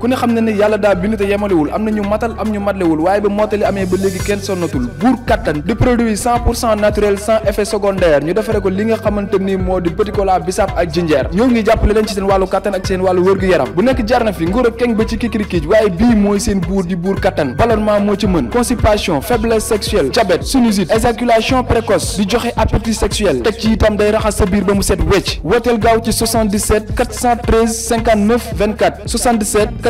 ku ne xam na ne yàlla daa bind te yemalewul am na ñu matal am ñu matlewul waaye ba mottali amee ba léegi kenn sonnatul buur kattan di produit naturel sans effet secondaire ñu defare ko li nga xamante ni moo di petit bisaab ak jinjeer ñoo ngi jàppale leen ci seen wàllu kattan ak seen wàllu wërgu-yaram bu nekk jar na fi nguur ak keng ba ci kikirikiij waaye bii mooy seen buur di buur kattan ballonnement moo ci mën constipation faiblesse sexuelle joxe appétit sexuel day raxas sa biir ba mu set wecc wooteel gaaw ci 77 413 59 24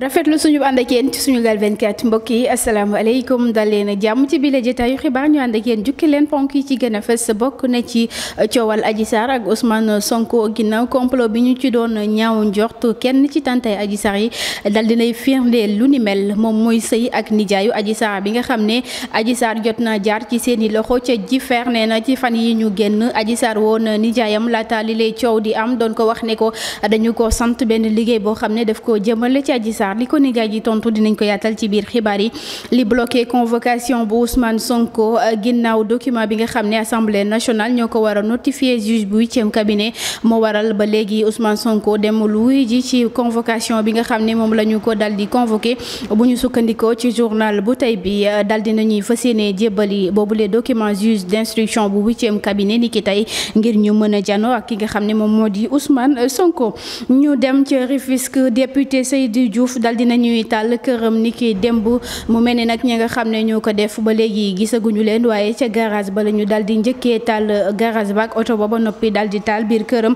rafetlu suñu ànd ak ci suñu gal 24 mbokk yi asalaamaaleykum dal leen jàmm ci bile jotaayu xibaar ñu ànd ak yéen jukki leen ponk yi ci gën a fës bokk na ci uh, coowal Adji Sarr ak Ousmane Sonko ginnaaw complot bi ñu ci doon ñaaw njort kenn ci tantay Adji Sarr yi dal dinay firndeel lu ni mel moom mooy sëy ak nijaayu Adji Sarr bi nga xam ne Adji Sarr jot na jaar ci seen i loxo ci ji fer nee na ci fan yi ñu génn Adji Sarr woon nijaayam laata li lay coow di am doon ko wax ne ko dañu ko sant benn liggéey boo xam ne daf ko jëmale ci Adji Sarr Dakar li ko nijaay ji tontu dinañ ko yaatal ci biir xibaar yi li bloqué convocation bu Ousmane Sonko euh, ginnaaw document bi nga xam ne assemblée nationale ñoo ko war a notifié juge bu huitième cabinet moo waral ba léegi Ousmane Sonko dem lu ji ci bi nga xam ne moom la ñu ko dal di convoqué bu ñu sukkandikoo ci journal bu tey bi euh, dal di nañuy fas yéene jébbali boobu les document juge d'instruction bu huitième cabinet ni ki tey ngir ñu mën a janoo ak ki nga xam ne moom moo di Ousmane Sonko ñu dem ci Rufisque député Seydou Diouf dal dina ñuy tàll këram ni ki démb mu mel ni nag ñi nga xam ne ñoo ko def ba léegi gisaguñu leen waaye ca garage ba la ñu dal di njëkkee tàll garage ba ak oto ba ba noppi dal di taal biir këram.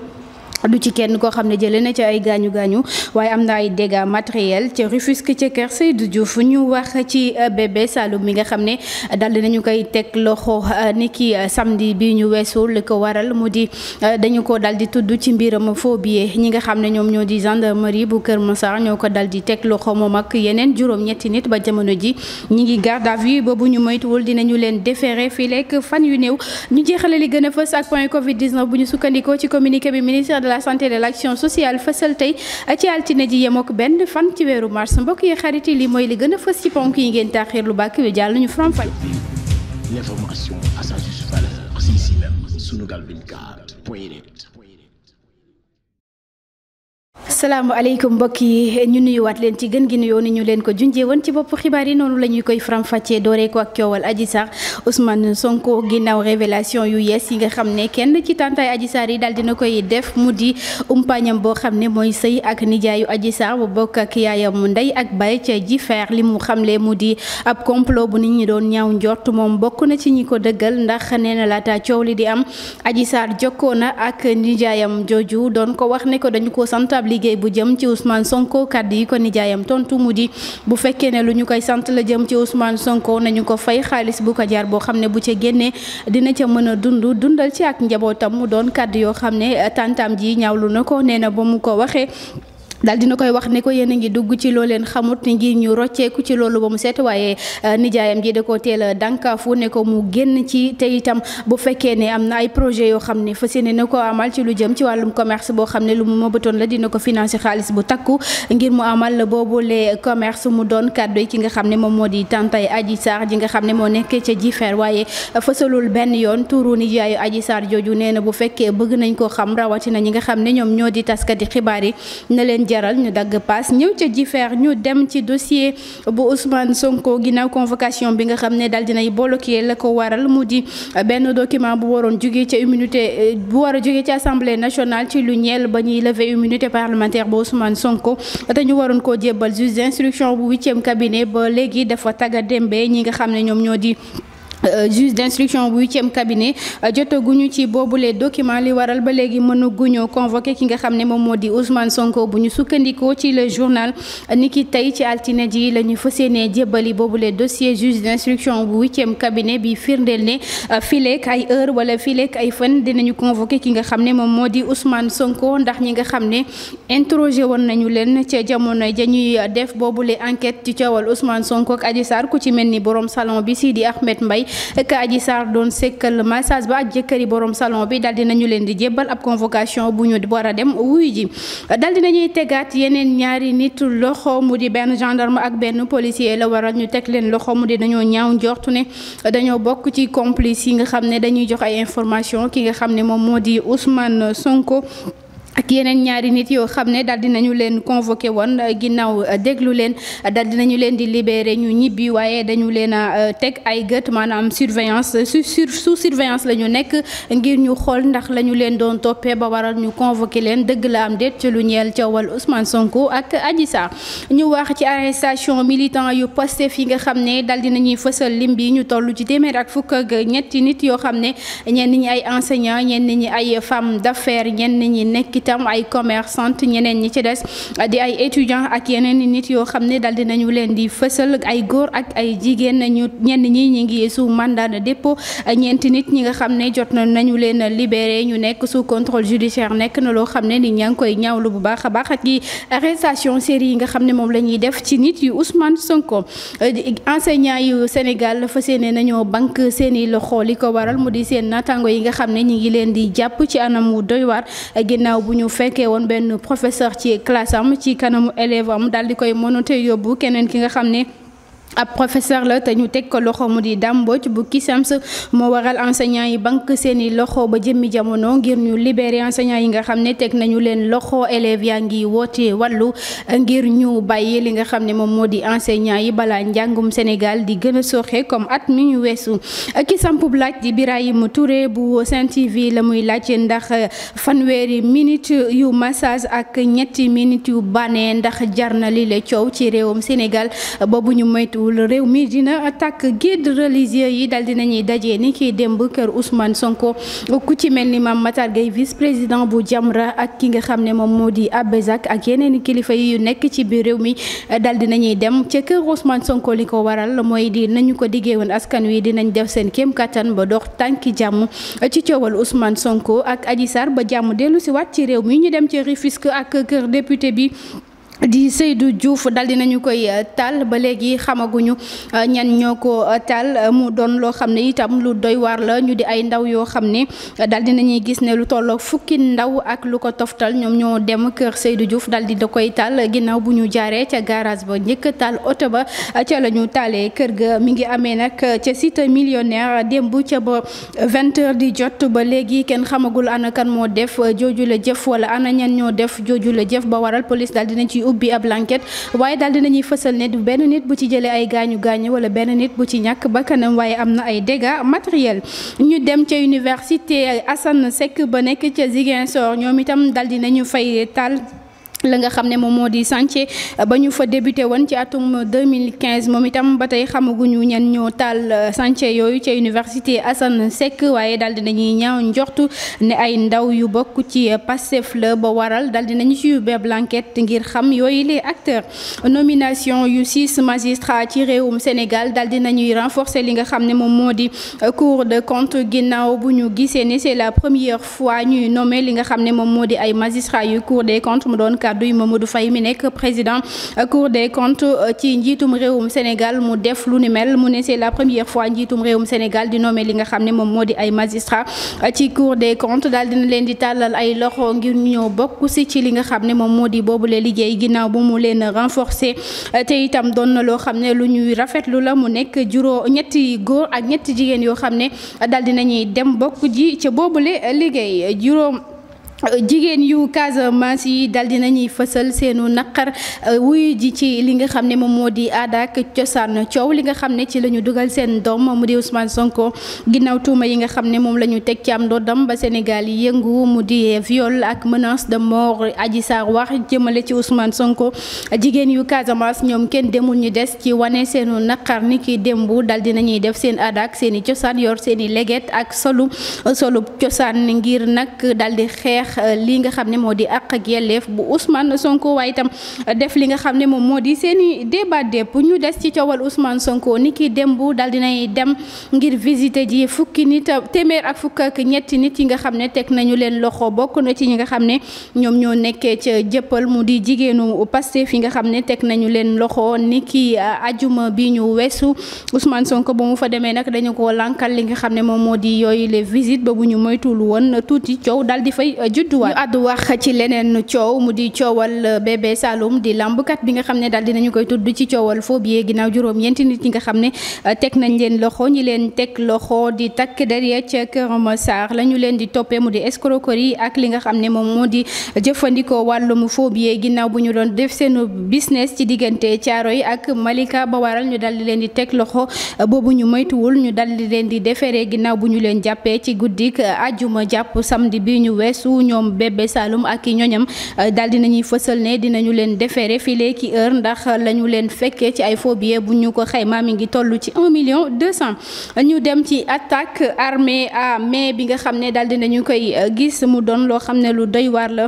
du ci kenn koo xam ne jëlee na ci ay gaañu gaañu waaye am na ay dégâts matériels ca Rufisque ca Kër Seydou Diouf ñu wax ci euh, bébé Saloum mi nga xam ne euh, dal nañu koy teg loxo euh, ni ki samedi bi ñu weesu li ko waral mu di dañu ko dal di tudd ci mbiram ma phobie ñi nga xam ne ñoom ñoo di gendarmerie bu Kër Massar ñoo ko dal di teg loxo moom ak yeneen juróom-ñetti nit ba jamono ji ñi ngi garde à vue ba bu ñu moytuwul dinañu leen déféré fii lekk fan yu new ñu jeexale de la santé de l'action sociale fësal tey ci altine ji yem ak benn fan ci weeru mars mbokk yi xarit yi li mooy li gën a fës ci ponk yi ngeen taaxir lu bàkk bi jàll ñu faram fay l'information à sa aleykum mbokk yi ñu nuyuwaat leen ci gën gi nuyoo ni ñu leen ko junjee woon ci bopp xibaar yi noonu la ñuy koy faram-fàccee ko ak coowal Adji Sarr Ousmane Sonko ginnaaw révélation yu yees yi nga xam ne kenn ci tàntaay Adji Sarr yi daal dina koy def mu di umpaañam boo xam ne mooy sëy ak nijaayu Adji Sarr bu bokk ak yaayam mu ndey ak bayte ji feer li mu xamle mu di ab complot bu nit ñi doon ñaw njort moom bokk na ci ñi ko dëggal ndax nee na laata coow li di am Adji Sarr jokkoo na ak nijaayam jooju doon ko wax ne ko dañu ko santab liggéey bu jëm ci Ousmane Sonko kàddu yi ko nijaayam tontu mu di bu fekkee ne lu ñu koy sant la jëm ci Ousmane sonkoo nañu ko fay xaalis bu ko jaar boo xam ne bu ca génnee dina ca mën a dund dundal ci ak njabootam mu doon kàddu yoo xam ne tantam ji ñaawlu na ko nee ba mu ko waxee daal dina koy wax ni ko yéen a ngi dugg ci loo leen xamut ngir ñu rocceeku ci loolu ba mu seet waaye eh, nijaayam ji da koo teel a dànkaafu ne ko mu génn ci te itam bu fekkee ne am na ay projet yoo xam ne fas yéene na ko amal ci lu jëm ci wàllum commerce boo xam ne lu mu mëbatoon la dina ko financer xaalis bu takku ngir mu amal boobule commerce mu doon kàddu yi nga xam ne moom moo di tantay Adji Sarr ji nga xam ne moo nekk ca jifeer waaye eh, fasalul benn yoon tuuru nijaayu aji saar jooju nee na bu fekkee bëgg nañ koo xam rawatina ñi nga xam ne ñoom ñoo di taskati xibaar yi na leen jaral ñu dagg paas ñëw ca jifeer ñu dem ci dossier bu Ousmane Sonko ginnaaw convocation bi nga xam ne daal dinay bloqué la ko waral mu di benn document bu waroon jógee ca immunité bu war a jógee ci assemblée nationale ci lu ñeel ba ñuy lever immunité parlementaire bu Ousmane Sonko te ñu waroon koo jébbal juge d'instruction bu huitième cabinet ba léegi dafa tagga dembe ñi nga xam ne ñoom ñoo di Euh, juge d'instruction bu huitième cabinet euh, jotaguñu ci boobu boobule document li waral ba léegi mënaguñoo convoqué ki nga xam ne moom moo di Ousmane Sonko bu ñu sukkandikoo ci le journal euh, ni ki tey ci altine ji la ñu fas yéenee jébbali boobule dossier juge d'instruction bu huitième cabinet bi firndeel ne fileek ay heure wala fileek ay fan dinañu convoqué ki nga xam ne moom moo di Ousmane Sonko ndax ñi nga xam ne interrogé woon nañu leen ca jamono jañuy def boobu boobule enquête ci coowal Ousmane Sonko ak Adji Sarr ci mel ni borom salon bi Sidi Ahmed mbay ka Adji saar doon sekkal message ba ak jëkkëri borom salon bi dal dinañu leen di jébbal ab convocation bu ñu war a dem wuy ji dal nañuy tegaat yeneen ñaari nit loxo mu di benn gendarme ak benn policier la waral ñu teg leen loxo mu di dañoo ñaaw njortu ne dañoo bokk ci complice yi nga xam ne dañuy jox ay information ki nga xam ne moom moo di Ousmane Sonko ak yeneen ñaari nit yoo xam ne daal nañu leen convoqué woon euh, ginnaaw euh, déglu leen daal dinañu leen di libéré ñu ñibbi waaye dañu leen a euh, teg ay gët maanaam surveillance su sous surveillance la ñu nekk ngir ñu xool ndax lañu leen doon toppee ba waral ñu convoqué leen dëgg la am déet ci lu ñeel coowal Ousmane Sonko ak Adji Sarr ñu wax ci arrestation militant yu Pastef yi nga xam ne daal dinañuy fësal lim bi ñu toll ci téeméer ak fukk ak ñetti nit yoo xam ne ñenn ñi ay enseignant ñenn ñi ay itam ay commerçante ñeneen ñi ci des di ay étudiant ak yeneen nit yoo xam ne dal nañu leen di fësal ay góor ak ay jigéen ñu ñenn ñi ñi ngi sous mandat de dépôt ñeenti nit ñi nga xam ne jot na nañu leen libéré ñu nekk sous contrôle judiciaire nekk na loo xam ne ni ñaa ngi koy ñaawlu bu baax a baax ak yi arrestation série yi nga xam ne moom la ñuy def ci nit yu Ousmane Sonko euh, enseignant yu Sénégal fas yéene nañoo bank seeni loxo li ko waral mu di seen naataango yi nga xam ne ñi ngi leen di jàpp ci anam wu doy waar ginnaaw bu ñu fekkee woon benn professeur ci classe am ci kanamu élève am daal di koy monote yóbbu keneen ki nga xam ne ab professeur la te ñu teg ko loxo mu di dàmbooj bu kisams moo waral enseignant yi banque seeni loxo ba jëmmi jamono ngir ñu libérer enseignant yi nga xam ne teg nañu leen loxo élèves yaa ngi woote wallu ngir ñu bàyyi li nga xam ne moom moo di enseignant yi balaa njàngum Sénégal di gën a sooxe comme at mi ñu weesu ki sampub laaj di Birahim Touré bu Sen TV la muy laajte ndax fanweeri minit yu massage ak ñetti minute yu bane ndax jar na li coow ci réewum Sénégal moytuwul réew mi dina takk guide religieux yi dal nañuy dajee ni kiy démb kër Ousmane Sonko ku ci mel ni Mame Matar Gueye vice président bu Jamra ak ki nga xam ne moom moo di Abbé ak yeneen kilifa yi yu nekk ci biir réew mi dal dinañuy dem ca kër Ousmane Sonko li ko waral mooy di nañu ko diggee woon askan wi dinañ def seen kéem kattan ba dox tànki jàmm ci coowal Ousmane Sonko ak Adji Sarr ba jàmm dellu si waat ci réew mi ñu dem ci Rufisque ak kër député bi di Seydou Diouf dal dinañu koy euh, taal ba léegi xamaguñu euh, ñan ñoo ko euh, taal mu doon loo xam ne itam lu doy waar la ñu di ay ndaw yoo xam ne dal dinañuy gis ne lu tolloo fukki ndaw ak lu ko toftal ñoom ñoo dem kër Seydou Diouf dal di da koy taal ginnaaw bu ñu jaaree ca garage ba njëkk taal oto ba ca la ñu taalee kër ga mi ngi amee nag ca site millionnaire démb ca ba vingt di jot ba léegi kenn xamagul ana kan moo def jooju la jëf wala ana ñan ñoo def jooju la jëf ba waral police dal dina ci ubbi ab lanket waaye daal dinañuy fësal ne du benn nit bu ci jëlee ay gaañu gaañu wala benn nit bu ci ñàkk kanam waaye am na ay dégâts matériel ñu dem ca université Assane Seck ba nekk ca Ziguinchor ñoom itam daal nañu fay taal. la nga xam ne moom moo di sancé euh, ba ñu fa débuté woon ci atum 2015 moom itam ba tey ñu ñan ñoo taal sancé euh, yooyu ca université Assane Seck waaye daal nañuy ñaaw njortu ne ay ndaw yu bokk ci euh, Pastef la ba waral daal nañu ci yóbbeeb l'enquête ngir xam yooyu les acteur nomination yu six magistrats ci réewum Sénégal dal di nañuy renforcer li nga xam ne moom moo di cour de compte ginnaaw bu ñu gisee ne c'est la première fois ñuy nommé li nga xam ne moom moo di ay magistrats yu kàddu mu Mamadou Faye mi nekk président euh, cour des comptes euh, ci njiitum réewum Sénégal mu def lu ni mel mu ne c'est la première fois njiitum réewum Sénégal di nommé li nga xam ne moom moo di ay magistrat euh, ci cour de comptes daal na leen di tàllal ay loxo ngir ñoo bokk si ci li nga xam ne moom moo di boobu boobule liggéey ginnaaw bu mu leen renforcer te itam doon na loo xam ne lu ñuy rafetlu la mu nekk juróo ñetti góor ak ñetti jigéen yoo xam ne daal dinañuy dem bokk jigéen yu Casamance yi dal di nañuy fësal seenu naqar euh, wuyu ji ci li nga xam ne moom moo di aada ak cosaan coow li nga xam ne ci la ñu dugal seen doom mu di Ousmane Sonko ginnaaw tuuma yi nga xam ne moom la ñu teg ci am ndoddam ba Sénégal yëngu mu di viol ak menace de mort Adji Sarr wax jëmale ci Ousmane Sonko jigéen yu Casamance ñoom kenn demul ñu des ci wane seenu naqar ni ki démb dal di nañuy def seen aada ak seen i cosaan yor seen i leget ak solu solu cosaan ngir nag dal di xeex xeex euh, li nga xam ne moo di àq ak yelleef bu Ousmane Sonko waaye itam euh, def li nga xam ne moom moo di seen i débat ñu des ci coowal Ousmane Sonko ni ki démb daal dinay dem ngir visiter ji fukki nit euh, téeméer ak fukk ak ñetti nit yi nga xam ne teg nañu leen loxo bokk na ci ñi nga xam ne ñoom ñoo nekkee ca jëppal mu di jigéenu Pastef yi nga xam ne teg nañu leen loxo ni ki ajuma bi ñu weesu Ousmane Sonko ba mu fa demee nag dañu ko lànkal li nga xam ne moom moo di yooyu les visites ba bu ñu moytuwul woon tuuti coow daal di fay judduwaat ñu àddu wax ci leneen coow mu di coowal euh, bébé Saloum di làmbkat bi nga xam ne daal dinañu koy tudd ci coowal phobie ginnaaw juróom ñeenti nit ñi nga xam ne euh, teg nañ leen loxo ñi leen teg loxo di takk derrière ca Kër Massar la ñu leen di toppee mu di escroquerie ak li nga xam ne moom moo di jëfandikoo wàllum phobie ginnaaw bu ñu doon def seenu business ci diggante caaro yi ak Malika ba waral ñu dal leen di teg loxo euh, boobu ñu moytuwul ñu dal di leen di deferee ginnaaw ñoom Bébé Saloum ak i ñoñam euh, daal dinañuy fësal ne dinañu leen defere file ki heure ndax lañu leen fekkee ci ay faux bu ñu ko xaymaa mi ngi toll ci 1 million 200 ñu dem ci attaque armée à mai bi nga xam ne daal nañu koy euh, gis mu doon loo xam ne lu doy waar la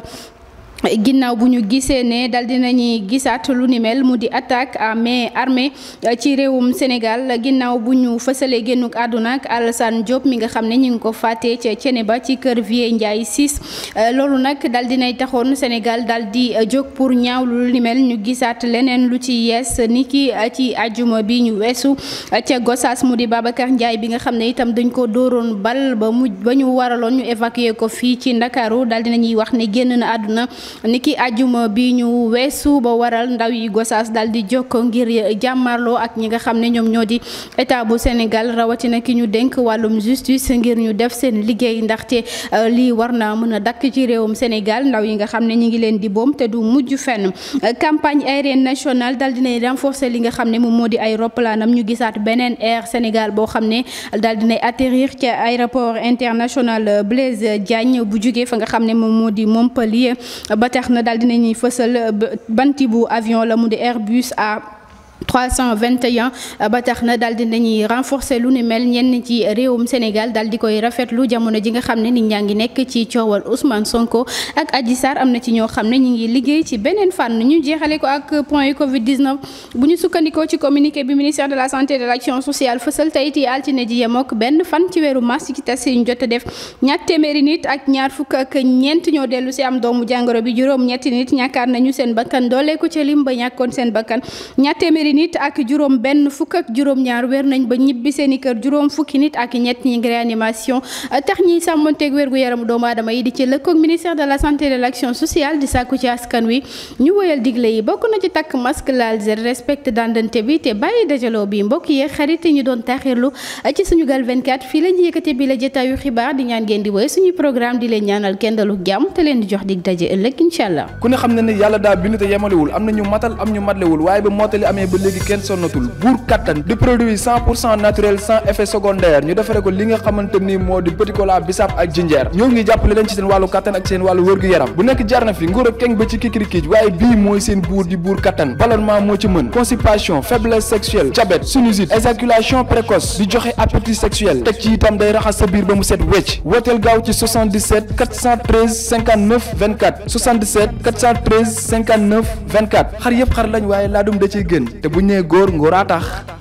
ginnaaw bu ñu gisee ne dal dinañuy gisaat lu ni mel mu di attaque à mais armée euh, ci réewum Sénégal ginnaaw bu ñu fësalee génnuk àdduna ak Alassane Diop mi nga xam ne ñu ngi ko fàttee ca Ceneba ci kër Vieux Ndiaye 6 euh, loolu nag dal dinay taxoon Sénégal dal di euh, jóg pour ñaaw lu ni ñu gisaat leneen lu ci yees ni ki ci ajuma bi ñu weesu ca Gossas mu di Babacar Ndiaye bi nga xam ne itam dañ ko dóoroon bal ba mu ba ñu waraloon ñu évacuer ko fii ci Ndakaaru dal dinañuy wax ne génn na àdduna niki ajuma bi ñu weesu ba waral ndaw yi Gossas daal di jokko ngir jàmmarloo ak ñi nga xam ne ñoom ñoo di état bu Sénégal rawatina ki ñu dénk wàllum justice ngir ñu def seen liggéey ndaxte euh, lii war naa mën a dakk ci réewum Sénégal ndaw yi nga xam ne ñu ngi leen di boom te du mujj fenn euh, campagne aérienne nationale daal dinay renforcer li nga xam ne moom moo di ay roplaanam ñu gisaat beneen air Sénégal boo xam ne daal dinay atterrir ci aéroport international euh, Blaise Diagne bu jugee fa nga xam ne moom moo di Montpellier ba tax na daal dinañuy fësal banti bu avion la mu di Airbus A. 321 euh, ba tax na daal di nañuy renforcé lu ni mel ñenn ci réewum Sénégal daal di koy rafetlu jamono ji nga xam ne nit ñaa ngi nekk ci coowal Ousmane Sonko ak Adji Sarr am na ci ñoo xam ne ñu ngi liggéey ci beneen fànn ñu jeexale ko ak point yu Covid 19 bu ñu sukkandikoo ci communiqué bi ministère de la santé et de l'action sociale fësal tey ci altine ji yem benn fan ci weeru mars ci tas ñu jot a def ñaar téeméeri nit ak ñaar fukk ak ñeent ñoo dellu si am doomu jàngoro bi juróom-ñetti nit ñàkkaar nañu seen bakkan doolee lim ba ñàkkoon seen bakkan téeméeri nit ak juróom fukk ak juróom-ñaar wér nañ di ci lëkkoog ministère de la santé et de l'action la ñu yëkkate bi la jotaayu xibaar di ku ne xam na ni yàlla daa bind te yemalewul am na ñu matal am ñu matalewul waaye ba mottali amee ba léegi kenn sonnatul buur kattan di produit cent pour cent naturel sans effet secondaire ñu defare ko li nga xamante ni moo di petit cola bisaab ak jinjeer ñoo ngi jàppale leen ci seen wàllu kattan ak seen wàllu wërgu yaram bu nekk jarna fi nguur ak keng ba ci kikirikiij waaye bii mooy seen buur di buur kattan ballonnement moo ci mën constipation faiblesse sexuelle diabète sinusite éjaculation précoce di joxe appétit sexuel teg ci itam day raxas sa biir ba mu set wecc wooteel gaaw ci 77 413 59 24 77 413 59 24 xar yëpp xar lañ waaye laa dum da ciy gën te buñ nee góor ngóoraa tax